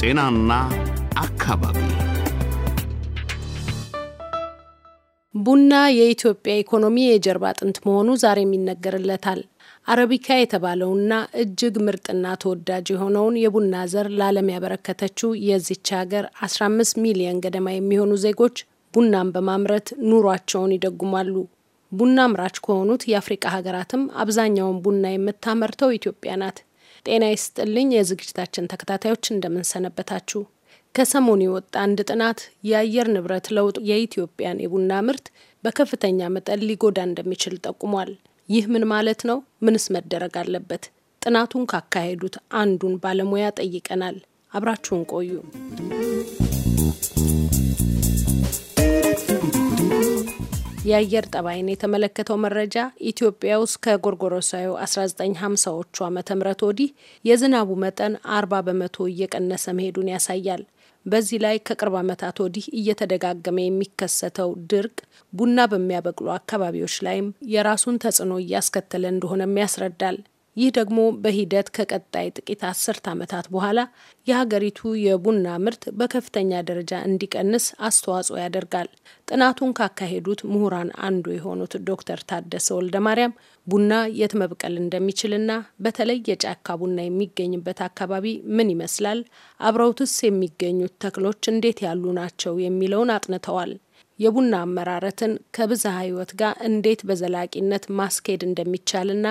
ጤናና አካባቢ ቡና የኢትዮጵያ ኢኮኖሚ የጀርባ አጥንት መሆኑ ዛሬም ይነገርለታል። አረቢካ የተባለውና እጅግ ምርጥና ተወዳጅ የሆነውን የቡና ዘር ለዓለም ያበረከተችው የዚች ሀገር 15 ሚሊዮን ገደማ የሚሆኑ ዜጎች ቡናን በማምረት ኑሯቸውን ይደጉማሉ። ቡና አምራች ከሆኑት የአፍሪቃ ሀገራትም አብዛኛውን ቡና የምታመርተው ኢትዮጵያ ናት። ጤና ይስጥልኝ የዝግጅታችን ተከታታዮች እንደምንሰነበታችሁ። ከሰሞኑ የወጣ አንድ ጥናት የአየር ንብረት ለውጥ የኢትዮጵያን የቡና ምርት በከፍተኛ መጠን ሊጎዳ እንደሚችል ጠቁሟል። ይህ ምን ማለት ነው? ምንስ መደረግ አለበት? ጥናቱን ካካሄዱት አንዱን ባለሙያ ጠይቀናል። አብራችሁን ቆዩ። የአየር ጠባይን የተመለከተው መረጃ ኢትዮጵያ ውስጥ ከጎርጎሮሳዊ 1950ዎቹ ዓመተ ምህረት ወዲህ የዝናቡ መጠን 40 በመቶ እየቀነሰ መሄዱን ያሳያል። በዚህ ላይ ከቅርብ ዓመታት ወዲህ እየተደጋገመ የሚከሰተው ድርቅ ቡና በሚያበቅሉ አካባቢዎች ላይም የራሱን ተጽዕኖ እያስከተለ እንደሆነም ያስረዳል። ይህ ደግሞ በሂደት ከቀጣይ ጥቂት አስርት ዓመታት በኋላ የሀገሪቱ የቡና ምርት በከፍተኛ ደረጃ እንዲቀንስ አስተዋጽኦ ያደርጋል። ጥናቱን ካካሄዱት ምሁራን አንዱ የሆኑት ዶክተር ታደሰ ወልደ ማርያም ቡና የት መብቀል እንደሚችልና በተለይ የጫካ ቡና የሚገኝበት አካባቢ ምን ይመስላል፣ አብረውትስ የሚገኙት ተክሎች እንዴት ያሉ ናቸው የሚለውን አጥንተዋል። የቡና አመራረትን ከብዝሃ ህይወት ጋር እንዴት በዘላቂነት ማስኬድ እንደሚቻልና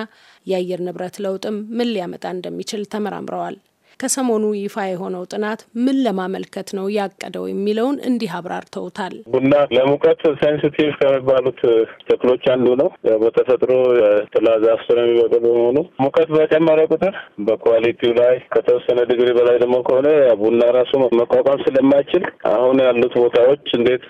የአየር ንብረት ለውጥም ምን ሊያመጣ እንደሚችል ተመራምረዋል። ከሰሞኑ ይፋ የሆነው ጥናት ምን ለማመልከት ነው ያቀደው የሚለውን እንዲህ አብራርተውታል። ቡና ለሙቀት ሴንስቲቭ ከሚባሉት ተክሎች አንዱ ነው። በተፈጥሮ ጥላ ዛፍ ስር የሚበቅል በመሆኑ ሙቀት በጨመረ ቁጥር በኳሊቲው ላይ ከተወሰነ ዲግሪ በላይ ደግሞ ከሆነ ቡና ራሱ መቋቋም ስለማይችል አሁን ያሉት ቦታዎች እንዴት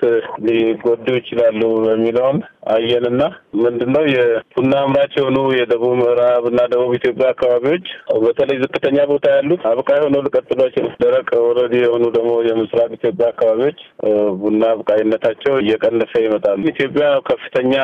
ሊጎዱ ይችላሉ የሚለውን አየንና ምንድነው የቡና አምራች የሆኑ የደቡብ ምዕራብ እና ደቡብ ኢትዮጵያ አካባቢዎች በተለይ ዝቅተኛ ቦታ ያሉት አብቃይ ሆኖ ሊቀጥሉ ደረቅ ወረድ የሆኑ ደግሞ የምስራቅ ኢትዮጵያ አካባቢዎች ቡና አብቃይነታቸው እየቀነሰ ይመጣሉ። ኢትዮጵያ ከፍተኛ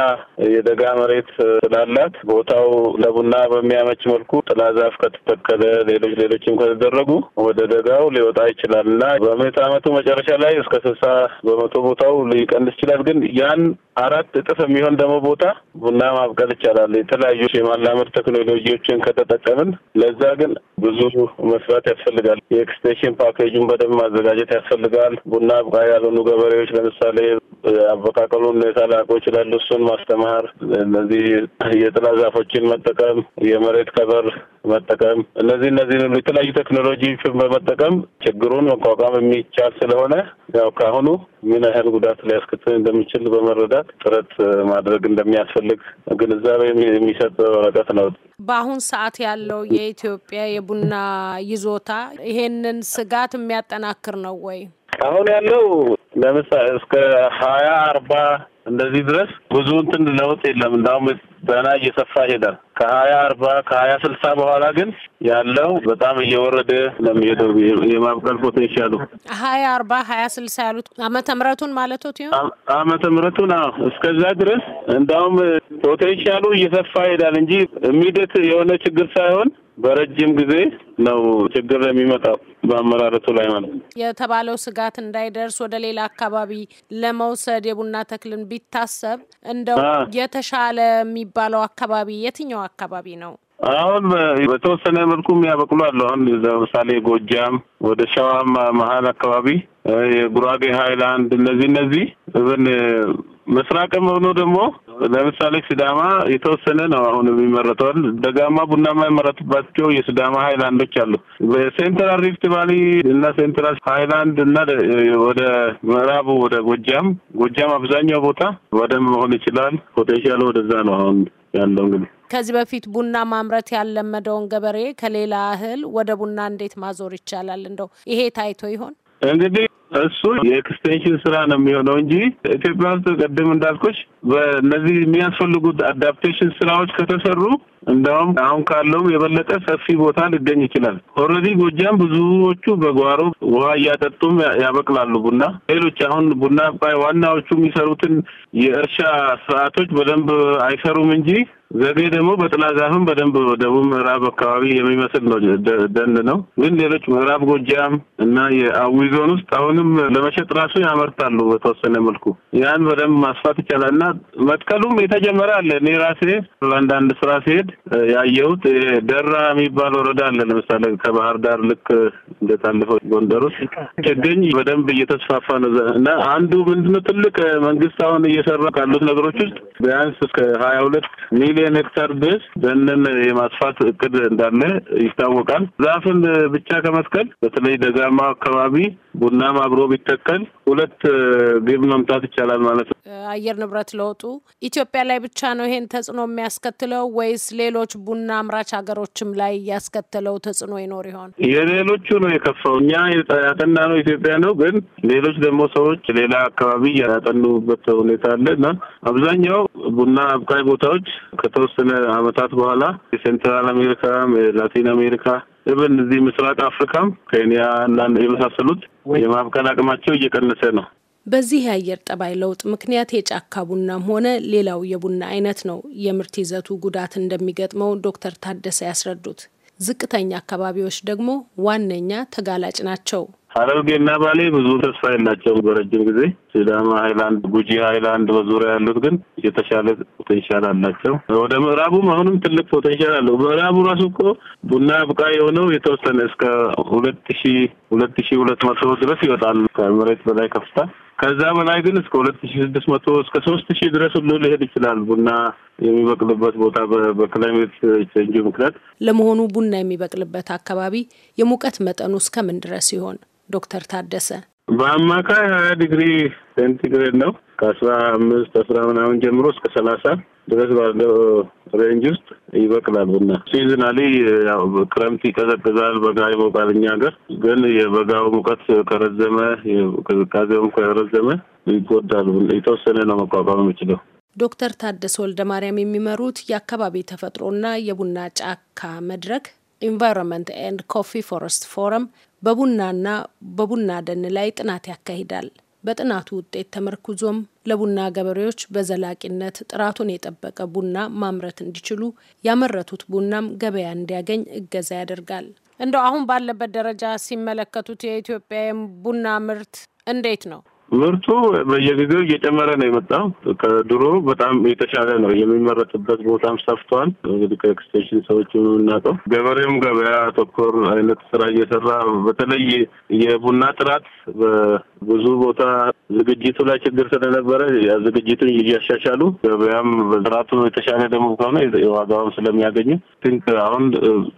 የደጋ መሬት ስላላት ቦታው ለቡና በሚያመች መልኩ ጥላ ዛፍ ከተተከለ፣ ሌሎች ሌሎችም ከተደረጉ ወደ ደጋው ሊወጣ ይችላል እና በምዕተ ዓመቱ መጨረሻ ላይ እስከ ስልሳ በመቶ ቦታው ሊቀንስ ይችላል ግን ያን አራት እጥፍ የሚሆን ደግሞ ቦታ ቡና ማብቀል ይቻላል የተለያዩ የማላመድ ቴክኖሎጂዎችን ከተጠቀምን። ለዛ ግን ብዙ መስራት ያስፈልጋል። የኤክስቴንሽን ፓኬጁን በደንብ ማዘጋጀት ያስፈልጋል። ቡና አብቃይ ያልሆኑ ገበሬዎች ለምሳሌ ሁኔታ ላቆ ይችላሉ። እሱን ማስተማር፣ እነዚህ የጥላ ዛፎችን መጠቀም፣ የመሬት ከበር መጠቀም፣ እነዚህ እነዚህ የተለያዩ ቴክኖሎጂዎችን በመጠቀም ችግሩን መቋቋም የሚቻል ስለሆነ ያው ከአሁኑ ምን ያህል ጉዳት ሊያስከትል እንደሚችል በመረዳት ጥረት ማድረግ እንደሚያስፈልግ የሚፈልግ ግንዛቤ የሚሰጥ ወረቀት ነው። በአሁን ሰዓት ያለው የኢትዮጵያ የቡና ይዞታ ይሄንን ስጋት የሚያጠናክር ነው ወይ? አሁን ያለው ለምሳሌ እስከ ሀያ አርባ እንደዚህ ድረስ ብዙ እንትን ለውጥ የለም። እንዳውም ገና እየሰፋ ይሄዳል። ከሀያ አርባ ከሀያ ስልሳ በኋላ ግን ያለው በጣም እየወረደ ለሚሄደው የማብቀል ፖቴንሻሉ። ሀያ አርባ ሀያ ስልሳ ያሉት ዓመተ ምሕረቱን ማለት ይሆን ምረቱን ምሕረቱን እስከዛ ድረስ እንዳውም ፖቴንሻሉ እየሰፋ ይሄዳል እንጂ የሚደት የሆነ ችግር ሳይሆን በረጅም ጊዜ ነው ችግር የሚመጣው በአመራረቱ ላይ ማለት ነው። የተባለው ስጋት እንዳይደርስ ወደ ሌላ አካባቢ ለመውሰድ የቡና ተክልን ቢታሰብ እንደው የተሻለ የሚባለው አካባቢ የትኛው አካባቢ ነው? አሁን በተወሰነ መልኩ የሚያበቅሉ አሉ። አሁን ለምሳሌ ጎጃም ወደ ሸዋ መሀል አካባቢ የጉራጌ ሀይላንድ እነዚህ እነዚህ እብን ምስራቅም ሆኖ ደግሞ ለምሳሌ ሲዳማ የተወሰነ ነው አሁን የሚመረተዋል። ደጋማ ቡናማ የመረቱባቸው የሲዳማ ሀይላንዶች አሉ። በሴንትራል ሪፍት ቫሊ እና ሴንትራል ሀይላንድ እና ወደ ምዕራቡ ወደ ጎጃም ጎጃም አብዛኛው ቦታ ወደ መሆን ይችላል። ፖቴንሻል ወደዛ ነው አሁን ያለው እንግዲህ ከዚህ በፊት ቡና ማምረት ያለመደውን ገበሬ ከሌላ እህል ወደ ቡና እንዴት ማዞር ይቻላል? እንደው ይሄ ታይቶ ይሆን እንግዲህ እሱ የኤክስቴንሽን ስራ ነው የሚሆነው እንጂ ኢትዮጵያ ውስጥ ቅድም እንዳልኩሽ በእነዚህ የሚያስፈልጉት አዳፕቴሽን ስራዎች ከተሰሩ እንደውም አሁን ካለውም የበለጠ ሰፊ ቦታ ሊገኝ ይችላል። ኦልሬዲ ጎጃም ብዙዎቹ በጓሮ ውሃ እያጠጡም ያበቅላሉ ቡና። ሌሎች አሁን ቡና አባይ ዋናዎቹ የሚሰሩትን የእርሻ ስርዓቶች በደንብ አይሰሩም እንጂ ዘጌ ደግሞ በጥላ ዛፍም በደንብ ደቡብ ምዕራብ አካባቢ የሚመስል ነው፣ ደን ነው። ግን ሌሎች ምዕራብ ጎጃም እና የአዊ ዞን ውስጥ አሁንም እሱንም ለመሸጥ ራሱ ያመርታሉ በተወሰነ መልኩ። ያን በደንብ ማስፋት ይቻላል እና መትከሉም የተጀመረ አለ። እኔ ራሴ አንዳንድ ስራ ሲሄድ ያየሁት ደራ የሚባል ወረዳ አለ። ለምሳሌ ከባህር ዳር ልክ እንደታለፈው ጎንደር ውስጥ ችግኝ በደንብ እየተስፋፋ ነው እና አንዱ ምንድነው ትልቅ መንግስት አሁን እየሰራ ካሉት ነገሮች ውስጥ ቢያንስ እስከ ሀያ ሁለት ሚሊዮን ሄክታር ድረስ ደንን የማስፋት እቅድ እንዳለ ይታወቃል። ዛፍን ብቻ ከመትከል በተለይ ደጋማ አካባቢ ቡናም አብሮ ቢተከል ሁለት ግብ መምታት ይቻላል ማለት ነው። አየር ንብረት ለውጡ ኢትዮጵያ ላይ ብቻ ነው ይሄን ተጽዕኖ የሚያስከትለው ወይስ ሌሎች ቡና አምራች ሀገሮችም ላይ ያስከተለው ተጽዕኖ ይኖር ይሆን? የሌሎቹ ነው የከፋው። እኛ ያጠና ነው ኢትዮጵያ ነው፣ ግን ሌሎች ደግሞ ሰዎች ሌላ አካባቢ ያጠኑበት ሁኔታ አለ እና አብዛኛው ቡና አብቃይ ቦታዎች ከተወሰነ አመታት በኋላ የሴንትራል አሜሪካ፣ ላቲን አሜሪካ እብን እዚህ ምስራቅ አፍሪካም ኬንያ እና የመሳሰሉት የማብቀል አቅማቸው እየቀነሰ ነው። በዚህ የአየር ጠባይ ለውጥ ምክንያት የጫካ ቡናም ሆነ ሌላው የቡና አይነት ነው የምርት ይዘቱ ጉዳት እንደሚገጥመው ዶክተር ታደሰ ያስረዱት። ዝቅተኛ አካባቢዎች ደግሞ ዋነኛ ተጋላጭ ናቸው። ሐረርጌና ባሌ ብዙ ተስፋ የላቸውም በረጅም ጊዜ። ሲዳማ ሀይላንድ፣ ጉጂ ሀይላንድ በዙሪያ ያሉት ግን የተሻለ ፖቴንሻል አላቸው። ወደ ምዕራቡም አሁንም ትልቅ ፖቴንሻል አለው። ምዕራቡ ራሱ እኮ ቡና ብቃ የሆነው የተወሰነ እስከ ሁለት ሺ ሁለት ሺ ሁለት መቶ ድረስ ይወጣሉ ከመሬት በላይ ከፍታ ከዛ በላይ ግን እስከ ሁለት ሺ ስድስት መቶ እስከ ሶስት ሺህ ድረስ ሁሉ ሊሄድ ይችላል ቡና የሚበቅልበት ቦታ በክላይሜት ቼንጅ ምክንያት። ለመሆኑ ቡና የሚበቅልበት አካባቢ የሙቀት መጠኑ እስከ ምን ድረስ ይሆን? ዶክተር ታደሰ በአማካይ ሀያ ዲግሪ ሴንቲግሬድ ነው ከአስራ አምስት አስራ ምናምን ጀምሮ እስከ ሰላሳ ድረስ ባለው ሬንጅ ውስጥ ይበቅላል። ቡና ሲዝናሊ ክረምት ይቀዘቅዛል፣ በጋ ይሞቃል። እኛ ሀገር ግን የበጋው ሙቀት ከረዘመ ቅዝቃዜውም ከረዘመ ይጎዳል። የተወሰነ ነው መቋቋም የሚችለው። ዶክተር ታደሰ ወልደ ማርያም የሚመሩት የአካባቢ ተፈጥሮና የቡና ጫካ መድረክ ኢንቫይሮንመንት ኤንድ ኮፊ ፎረስት ፎረም በቡናና በቡና ደን ላይ ጥናት ያካሂዳል። በጥናቱ ውጤት ተመርኩዞም ለቡና ገበሬዎች በዘላቂነት ጥራቱን የጠበቀ ቡና ማምረት እንዲችሉ ያመረቱት ቡናም ገበያ እንዲያገኝ እገዛ ያደርጋል። እንደው አሁን ባለበት ደረጃ ሲመለከቱት የኢትዮጵያ ቡና ምርት እንዴት ነው? ምርቱ በየጊዜው እየጨመረ ነው የመጣው። ከድሮ በጣም የተሻለ ነው። የሚመረጥበት ቦታም ሰፍቷል። እንግዲህ ከኤክስቴንሽን ሰዎች የምናውቀው ገበሬውም ገበያ ተኮር አይነት ስራ እየሰራ በተለይ የቡና ጥራት በብዙ ቦታ ዝግጅቱ ላይ ችግር ስለነበረ ዝግጅቱን እያሻሻሉ ገበያም በጥራቱ የተሻለ ደግሞ ከሆነ የዋጋውም ስለሚያገኙ ቲንክ አሁን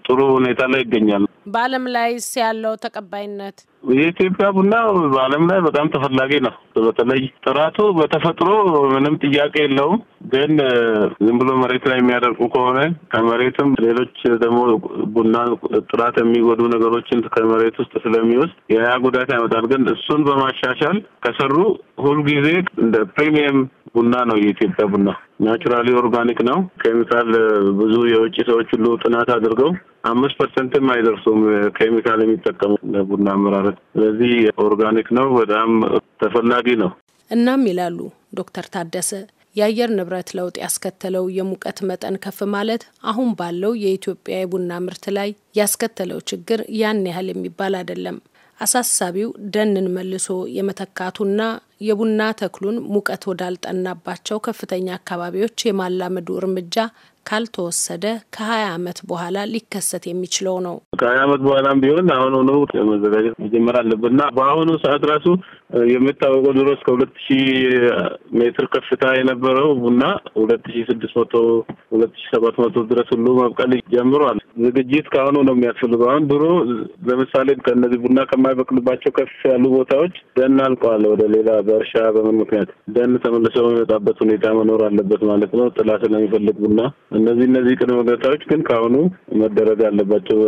ጥሩ ሁኔታ ላይ ይገኛል። በዓለም ላይስ ያለው ተቀባይነት? የኢትዮጵያ ቡና በዓለም ላይ በጣም ተፈላጊ ነው። በተለይ ጥራቱ በተፈጥሮ ምንም ጥያቄ የለውም። ግን ዝም ብሎ መሬት ላይ የሚያደርቁ ከሆነ ከመሬትም ሌሎች ደግሞ ቡና ጥራት የሚጎዱ ነገሮችን ከመሬት ውስጥ ስለሚወስድ የያ ጉዳት ያመጣል። ግን እሱን በማሻሻል ከሰሩ ሁልጊዜ እንደ ፕሪሚየም ቡና ነው የኢትዮጵያ ቡና ናቹራሊ ኦርጋኒክ ነው። ኬሚካል ብዙ የውጭ ሰዎች ሁሉ ጥናት አድርገው አምስት ፐርሰንትም አይደርሱም ኬሚካል የሚጠቀሙ ለቡና አመራረት። ስለዚህ ኦርጋኒክ ነው፣ በጣም ተፈላጊ ነው። እናም ይላሉ ዶክተር ታደሰ የአየር ንብረት ለውጥ ያስከተለው የሙቀት መጠን ከፍ ማለት አሁን ባለው የኢትዮጵያ የቡና ምርት ላይ ያስከተለው ችግር ያን ያህል የሚባል አይደለም። አሳሳቢው ደንን መልሶ የመተካቱና የቡና ተክሉን ሙቀት ወዳልጠናባቸው ከፍተኛ አካባቢዎች የማላመዱ እርምጃ ካልተወሰደ ከሀያ ዓመት በኋላ ሊከሰት የሚችለው ነው። ከሀያ ዓመት በኋላም ቢሆን አሁኑ ነው መዘጋጀት መጀመር አለበት በአሁኑ ሰዓት ራሱ የሚታወቀው ድሮ እስከ ሁለት ሺ ሜትር ከፍታ የነበረው ቡና ሁለት ሺ ስድስት መቶ ሁለት ሺ ሰባት መቶ ድረስ ሁሉ መብቀል ጀምሯል። ዝግጅት ከአሁኑ ነው የሚያስፈልገው። አሁን ድሮ ለምሳሌ ከእነዚህ ቡና ከማይበቅልባቸው ከፍ ያሉ ቦታዎች ደን አልቀዋል። ወደ ሌላ በእርሻ በምን ምክንያት ደን ተመልሰው የሚመጣበት ሁኔታ መኖር አለበት ማለት ነው። ጥላ ስለሚፈልግ ቡና እነዚህ እነዚህ ቅድመ ሁኔታዎች ግን ከአሁኑ መደረግ አለባቸው።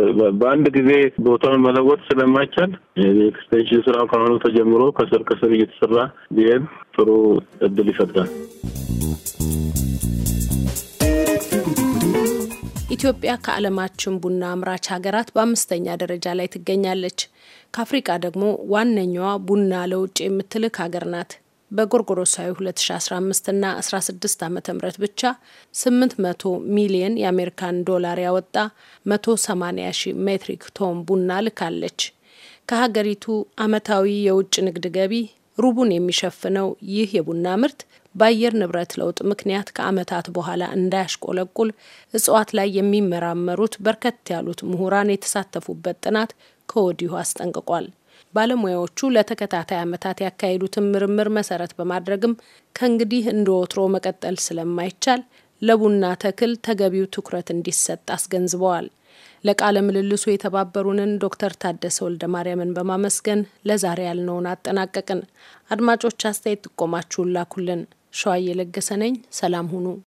በአንድ ጊዜ ቦታውን መለወጥ ስለማይቻል የኤክስቴንሽን ስራው ከአሁኑ ተጀምሮ ከስር ከስር እየተሰራ ቢሄድ ጥሩ እድል ይፈጥራል። ኢትዮጵያ ከዓለማችን ቡና አምራች ሀገራት በአምስተኛ ደረጃ ላይ ትገኛለች። ከአፍሪቃ ደግሞ ዋነኛዋ ቡና ለውጭ የምትልክ ሀገር ናት። በጎርጎሮሳዊ 2015 ና 16 ዓ ም ብቻ 800 ሚሊየን የአሜሪካን ዶላር ያወጣ 180 ሺ ሜትሪክ ቶን ቡና ልካለች። ከሀገሪቱ አመታዊ የውጭ ንግድ ገቢ ሩቡን የሚሸፍነው ይህ የቡና ምርት በአየር ንብረት ለውጥ ምክንያት ከአመታት በኋላ እንዳያሽቆለቁል እጽዋት ላይ የሚመራመሩት በርከት ያሉት ምሁራን የተሳተፉበት ጥናት ከወዲሁ አስጠንቅቋል። ባለሙያዎቹ ለተከታታይ ዓመታት ያካሄዱትን ምርምር መሰረት በማድረግም ከእንግዲህ እንደ ወትሮ መቀጠል ስለማይቻል ለቡና ተክል ተገቢው ትኩረት እንዲሰጥ አስገንዝበዋል። ለቃለ ምልልሱ የተባበሩንን ዶክተር ታደሰ ወልደ ማርያምን በማመስገን ለዛሬ ያልነውን አጠናቀቅን። አድማጮች አስተያየት ጥቆማችሁን ላኩልን። ሸዋ እየለገሰነኝ ነኝ። ሰላም ሁኑ።